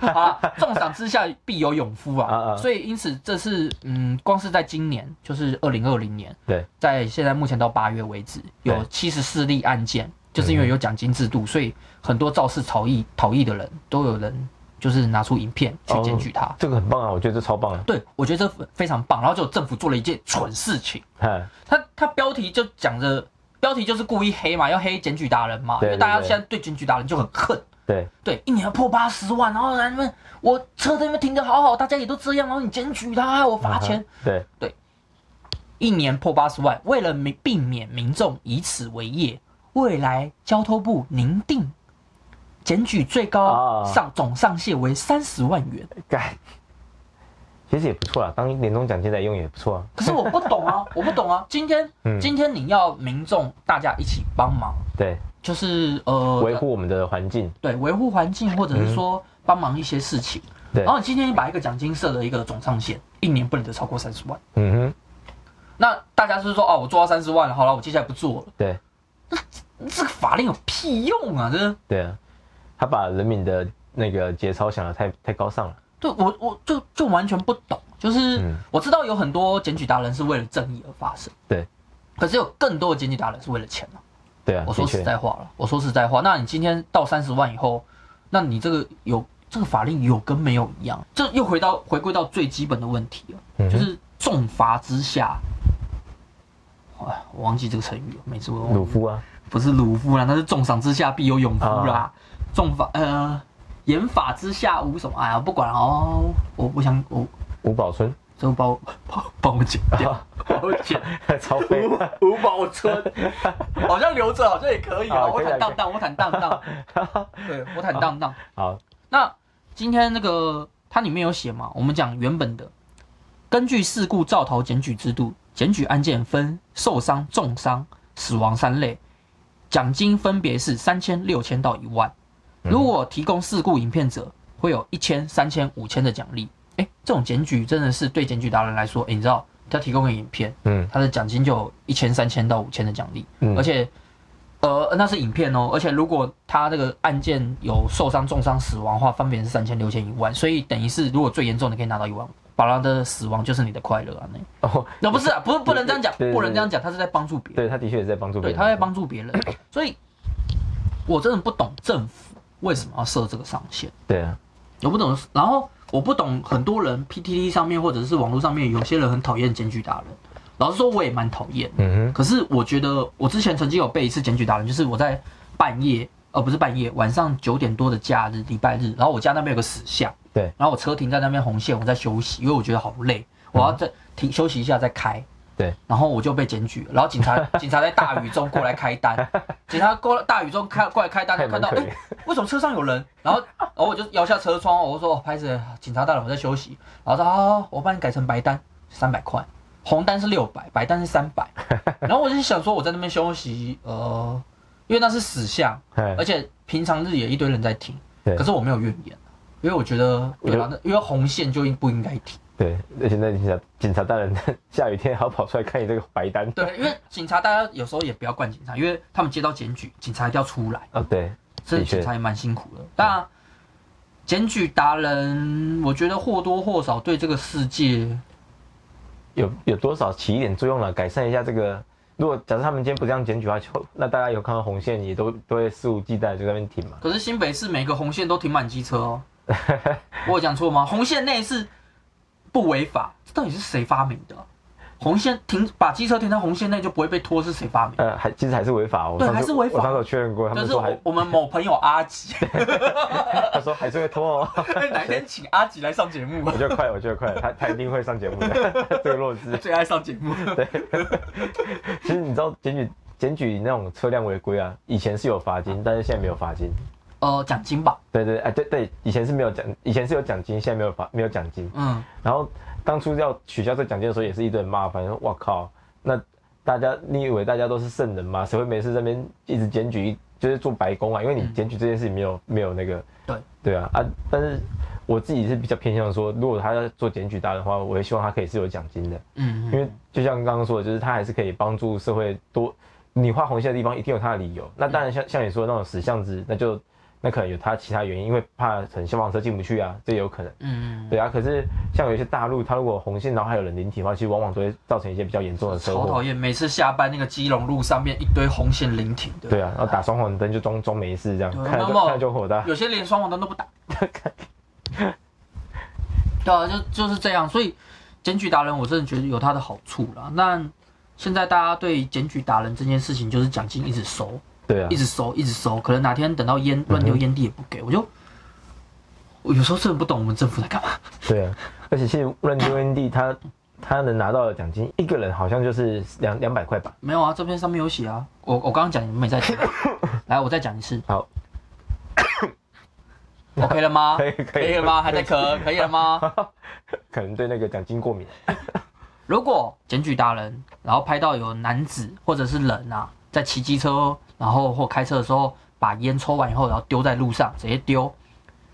好，重賞之下必有勇夫啊，啊，啊，所以因此，這是嗯，光是在今年，就是二零二零年對，在現在目前到八月為止，有七十四例案件，就是因為有獎金制度嗯嗯，所以很多肇事逃逸逃逸的人都有人就是拿出影片去檢舉他。哦，這個很棒啊，我覺得這超棒，啊。對我覺得這非常棒，然後就政府做了一件蠢事情，他他標題就講着標題就是故意黑嘛，要黑檢舉達人嘛對對對，因為大家現在對檢舉達人就很恨。對對，一年要破八十萬，然後那邊我車在那邊停得好好，大家也都這樣，然後你檢舉他，我罰錢。啊、對對，一年破八十萬，為了避免民眾以此為業，未來交通部擬定檢舉最高上、哦、總上限為三十萬元。其實也不錯啊，當年終獎金來用也不錯啊。 可是我不懂啊，我不懂啊，今天、嗯、今天你要民眾大家一起幫忙。對。就是呃，維護我們的環境，對，維護環境或者是說，幫、嗯、忙一些事情，對。然後今天把一個獎金設了一個總上限，一年不能超過三十萬。嗯哼。那大家就是說，哦、啊，我做到三十萬，了，好了，我接下來不做了。對。那這個法令有屁用啊？真的。對啊，他把人民的那個節操想的太太高尚了。對，我我就就完全不懂。就是、嗯、我知道有很多檢舉達人是為了正義而發聲。對。可是有更多的檢舉達人是為了錢、啊對啊，我說實在話了，我說實在話，那你今天到三十萬以後，那你這個有這個法令有跟沒有一樣，這又回到回歸到最基本的問題了，嗯、就是重罰之下，哎，我忘記這個成語了，每次我魯夫啊，不是魯夫啦，那是重賞之下必有勇夫啦，啊、重罰呃嚴法之下無什麼哎呀，我不管哦，我不想我吳保存。哦就幫我幫幫我剪掉，幫我剪。太超 過了，吳寶春，保 好像留着，好像也可以啊。我坦蕩蕩，我坦蕩蕩。對，我坦蕩蕩。好，那今天那個它裡面有寫嘛？我們講原本的，根據事故肇逃檢舉制度，檢舉案件分受傷、重傷、死亡三類，獎金分別是三千、六千到一萬、嗯。如果提供事故影片者，會有一千、三千、五千的獎勵。這種檢舉真的是對檢舉達人來說，欸、你知道他提供一個影片，嗯，他的獎金就有一千、三千到五千的獎勵，嗯，而且，呃，那是影片哦，而且如果他這個案件有受傷、重傷、死亡的話，分別是三千、六千、一萬，所以等於是如果最嚴重的可以拿到一萬五，把他的死亡就是你的快樂啊，那哦，那不是啊，不是不能這樣講，不能這樣講，他是在幫助別人，對，他的確也是在幫助別人，對，他在幫助別人， 所以我真的不懂政府為什麼要設這個上限，對啊，我不懂，然後。我不懂，很多人 PTT 上面或者是網絡上面有些人很討厭檢舉達人，老實說我也蠻討厭。嗯，可是我覺得我之前曾經有被一次檢舉達人，就是我在半夜，呃，不是半夜，晚上九點多的假日禮拜日，然後我家那邊有個死巷，對，然後我車停在那邊紅線，我在休息，因為我覺得好累，我要再停休息一下再開。對，然後我就被檢舉了，然後警察警察在大雨中過來開單， 警察過大雨中開過來開單，就看到哎、欸，為什麼車上有人？然後然後我就搖下車窗，我就說我拍子，警察大人，我在休息。然後他說、哦，我幫你改成白單，三百塊，紅單是六百，白單是三百。然後我就想說我在那邊休息，呃，因為那是死巷， 而且平常日也一堆人在停，可是我沒有怨言、啊，因為我覺得對啊，那因為紅線就應不應該停。對，而且那警察，警察大人下雨天還要跑出來看你這個白單。對，因為警察大家有時候也不要怪警察，因為他們接到檢舉，警察一定要出來啊、哦。對，所以警察也蠻辛苦的。那檢舉達人，我覺得或多或少對這個世界有有，有多少起一點作用了，改善一下這個。如果假設他們今天不這樣檢舉的話，那大家有看到紅線也都都會肆無忌憚就在那邊停嘛。可是新北市每個紅線都停滿機車哦， 我有講錯嗎？紅線內是。不違法，這到底是誰發明的？紅線停，把機車停在紅線內就不會被拖，是誰發明的？呃，還其實還是違法。對，還是違法。我上次有確認過，他們說。就是還我們某朋友阿吉， 他說還是會拖哦。哦、欸、哪天請阿吉來上節目。我覺得快，我覺得快，他他一定會上節目的。最弱智，最愛上節目。對， 其實你知道檢舉檢舉那種車輛違規啊，以前是有罰金、啊，但是現在沒有罰金。呃、哦，獎金吧。對對哎，對對，以前是沒有獎，以前是有獎金，現在沒有發沒有獎金。嗯，然後當初要取消這獎金的時候，也是一堆人罵，反正我靠，那大家你以為大家都是聖人嗎？誰會沒事在那邊一直檢舉一，就是做白工啊？因為你檢舉這件事情沒有、嗯、沒有那個對對啊啊！但是我自己是比較偏向說，如果他要做檢舉大的話，我也希望他可以是有獎金的。嗯嗯，因為就像剛剛說的，就是他還是可以幫助社會多，你畫紅線的地方一定有他的理由。那當然像、嗯、像你說的那種死巷子，那就。那可能有他其他原因，因為怕等消防車進不去啊，這也有可能。嗯，對啊。可是像有一些大路，他如果紅線然後還有人臨停的話，其實往往都會造成一些比較嚴重的車禍。好討厭，每次下班那個基隆路上面一堆紅線臨停。對啊、嗯，然後打雙黃燈就裝裝沒事這樣，看就,看就,看就火大。有些連雙黃燈都不打。那 對啊，就就是這樣。所以檢舉達人，我真的覺得有他的好處了。那現在大家對檢舉達人這件事情，就是獎金一直收。對啊，一直收，一直收，可能哪天等到煙亂丟煙蒂也不給我就，就我有時候真的不懂我們政府在幹嘛。對啊，而且現在亂丟煙蒂，他 他能拿到的獎金，一個人好像就是兩兩百塊吧。沒有啊，照片上面有寫啊，我我剛剛講你們沒在聽、啊， 來我再講一次。好 ，OK 了嗎？ 可以可以，可以了嗎？ 還在咳？可以了嗎？ 可能對那個獎金過敏。 如果檢舉達人，然後拍到有男子或者是人啊，在騎機車然後或開車的時候把煙抽完以後，然後丟在路上，直接丟，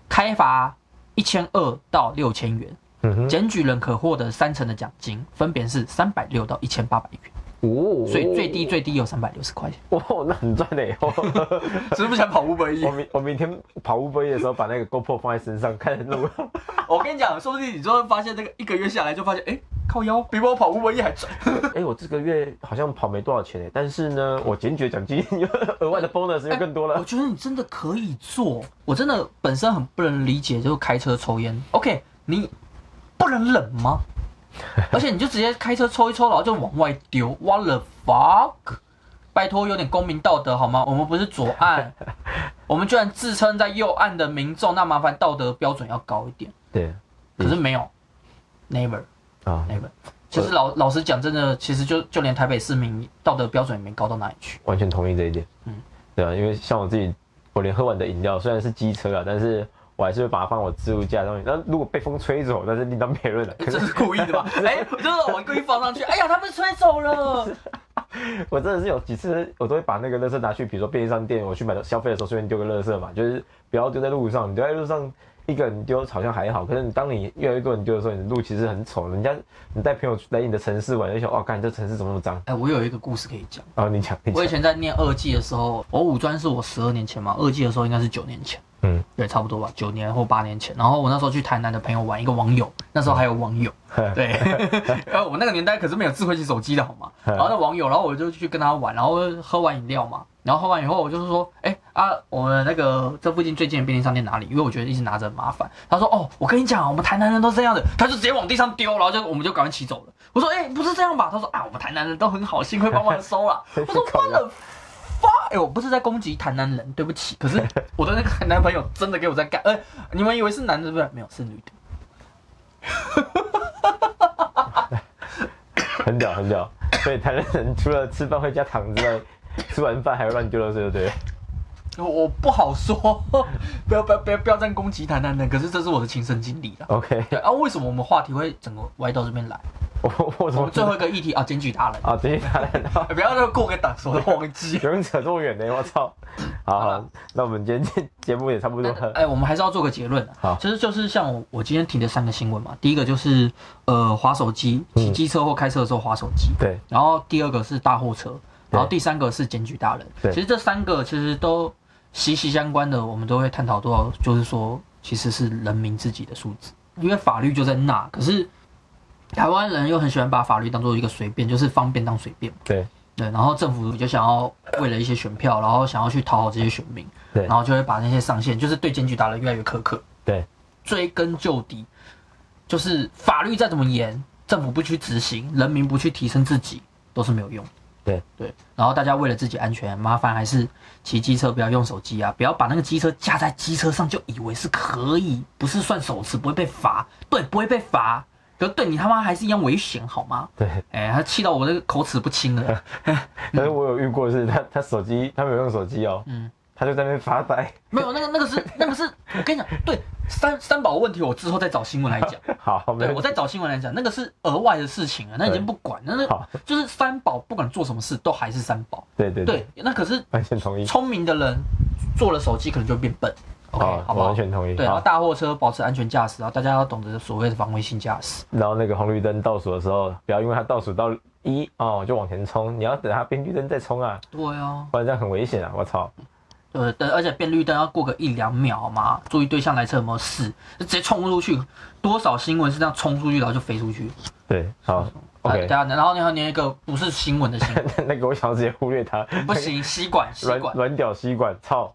開罰一千二到六千元，嗯，檢舉人可獲得三成的獎金，分別是三百六到一千八百元。喔、哦，哦，所以最低最低有三百六十塊錢，哦，那很賺的，只是不是想跑 Uber？我明我明天跑 Uber 的時候，把那個 GoPro 放在身上，看怎麼樣。我跟你講，說不定你就會發現這個一個月下來，就發現哎、欸，靠腰比我跑 Uber 還賺。哎、欸，我這個月好像跑沒多少錢誒，但是呢，我堅決獎金額外的 bonus 又更多了、欸。我覺得你真的可以做，我真的本身很不能理解，就是開車抽煙。OK，你不能冷嗎？ 而且你就直接開車抽一抽，然後就往外丟。What the fuck！拜託，有點公民道德好嗎？我們不是左岸， 我們居然自稱在右岸的民眾，那麻煩道德標準要高一點。對，可是沒有。Never 啊，Never！其實老、呃、老實講，真的，其實就就連台北市民道德標準也沒高到哪裡去。完全同意這一點。嗯，對啊，因為像我自己，我連喝完的飲料雖然是機車啊，但是。我還是會把它放我置物架上面。那如果被風吹走，那是另當別論了。你這是故意的吧？哎， 就、欸、的，我故、就、意、是、 放上去。哎呀，他被吹走了。我真的是有幾次，我都會把那個垃圾拿去，比如說便利商店，我去買的消費的時候，隨便丟個垃圾嘛，就是不要丟在路上。你丟在路上，一個人丟好像還好，可是你當你越來越多人丟的時候，你的路其實很醜。人家你帶朋友來你的城市玩，就想哦，看這城市怎麼那麼髒。哎、欸，我有一個故事可以講啊、哦，你講。我以前在念二技的時候，我五專是我十二年前嘛，二技的時候應該是九年前。嗯，對，差不多吧，九年或八年前。然後我那時候去台南的朋友玩，一個網友，那時候還有網友，嗯、對。 然後我那個年代可是沒有智慧型手機的好嗎、嗯？然後那網友，然後我就去跟他玩，然後喝完飲料嘛，然後喝完以後，我就是說，哎啊，我們那個這附近最近的便利商店哪裡？因為我覺得一直拿着很麻煩。他說，哦，我跟你講，我們台南人都是這樣的，他就直接往地上丟，然後就我們就趕快騎走了。我說，哎，不是這樣吧？他說，啊，我們台南人都很好心會幫忙收了。 我說，可哎、欸，我不是在攻擊台南人，對不起。可是我的那個男朋友真的給我在幹，哎、欸，你們以為是男的對不對？沒有，是女的 很屌，很屌。所以台南人除了吃飯會加糖之外，吃完飯還會亂丟垃圾，對不對？我不好說，呵呵不要不要不要不要這樣攻擊台那那，可是這是我的親身經歷了。OK，啊，為什麼我們話題會整個歪到這邊來？Oh, 我我們最後一個議題啊，檢舉達人啊，檢舉達人，oh, 達人 oh. 不要那過個檔說的荒雞，有人扯這麼遠嘞、欸，我操！ 好，那我們今天節目也差不多哎，我們還是要做個結論好，其、就、實、是、就是像我，我今天提的三個新聞嘛，第一個就是呃，滑手機，騎機車或開車的時候滑手機、嗯，對。然後第二個是大貨車，然後第三個是檢舉達人。對，其實這三個其實都。息息相關的，我們都會探討多少？就是說，其實是人民自己的素質，因為法律就在那。可是，台灣人又很喜歡把法律當做一個隨便，就是方便當隨便嘛。對對，然後政府就想要為了一些選票，然後想要去討好這些選民，對，然後就會把那些上限，就是對檢舉達人越來越苛刻。對，追根究底，就是法律再怎麼嚴，政府不去執行，人民不去提升自己，都是沒有用。對對，然後大家為了自己安全，麻煩還是騎機車不要用手機啊，不要把那個機車架在機車上就以為是可以，不是算手持，不會被罰。對，不會被罰，可對，你他媽還是一樣危險，好嗎？對，誒、欸、他氣到我這個口齒不清了。可 是我有遇過是他他手機他沒有用手機哦。嗯。他就在那發呆 。沒有那個，那個是那個是我跟你講，對三三寶問題，我之後再找新聞來講。 好，對我再找新聞來講，那個是額外的事情啊，那已經不管，那那個、就是三寶，不管做什麼事都還是三寶。對對對，對那可是完全同意。聰明的人做了手機，可能就會變笨。好 OK，好，不好，完全同意。對，然後大貨車保持安全駕駛，然後大家要懂得所謂的防衛性駕駛。然後那個紅綠燈倒數的時候，不要因為他倒數到一啊、哦、就往前衝，你要等他變綠燈再衝啊。對哦、啊。不然這樣很危險啊！我操。呃，燈，而且變綠燈要過個一兩秒嘛，注意對向來車有沒有事，就直接衝出去。多少新聞是這樣衝出去，然後就飛出去？對，好是是，OK、啊。對然後然後另一個不是新聞的新聞， 那個我想要直接忽略它。不行，吸管，那個、軟吸管軟，軟屌吸管，操！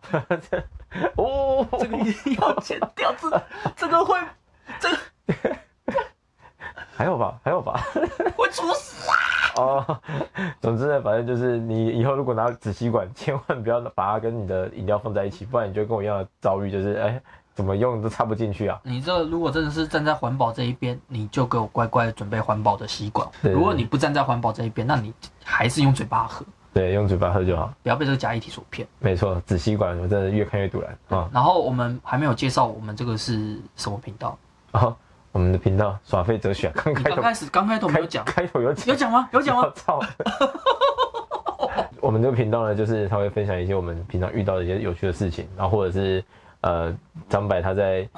哦，這個一定要剪掉， 這這個會，這個。 還有吧，還有吧， 會猝死啊！哦，總之呢，反正就是你以後如果拿紙吸管，千萬不要把它跟你的飲料放在一起，不然你就跟我一樣的遭遇，就是哎、欸，怎麼用都插不進去啊！你這如果真的是站在環保這一邊，你就給我乖乖準備環保的吸管是是。如果你不站在環保這一邊，那你還是用嘴巴喝。對，用嘴巴喝就好，不要被這個假液體所騙。沒錯，紙吸管我真的越看越賭爛。嗯，然後我們還沒有介紹我們這個是什麼頻道啊？哦我們的頻道耍廢哲學，剛開頭，剛開始，剛開頭沒有講，開頭有講有講嗎？有講嗎？我操！我們這個頻道呢，就是他會分享一些我們平常遇到的一些有趣的事情，然後或者是呃，張柏他在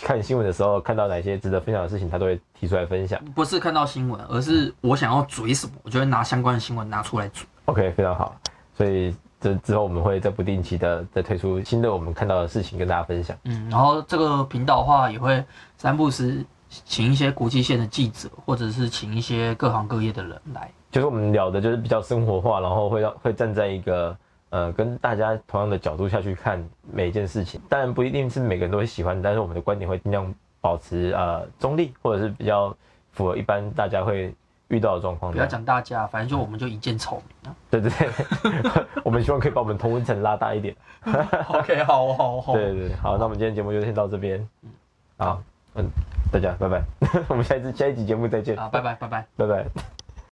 看新聞的時候看到哪些值得分享的事情，他都會提出來分享。不是看到新聞，而是我想要嘴什麼，我就會拿相關的新聞拿出來嘴。OK，非常好。所以這之後我們會再不定期的再推出新的我們看到的事情跟大家分享。嗯，然後這個頻道的話也會三不五時。請一些國際線的記者，或者是請一些各行各業的人來，就是我們聊的，就是比較生活化，然後會讓會站在一個呃跟大家同樣的角度下去看每一件事情。當然不一定是每個人都會喜歡，但是我們的觀點會盡量保持呃中立，或者是比較符合一般大家會遇到的狀況。不要講大家，反正就我們就一見醜、啊。對對對，我們希望可以把我們同溫層拉大一點。 OK，好好好。對對對，好，好那我們今天節目就先到這邊，嗯，好。嗯，大家拜拜， 我們下一次下一集節目再見。好，拜拜，拜拜，拜拜。拜拜。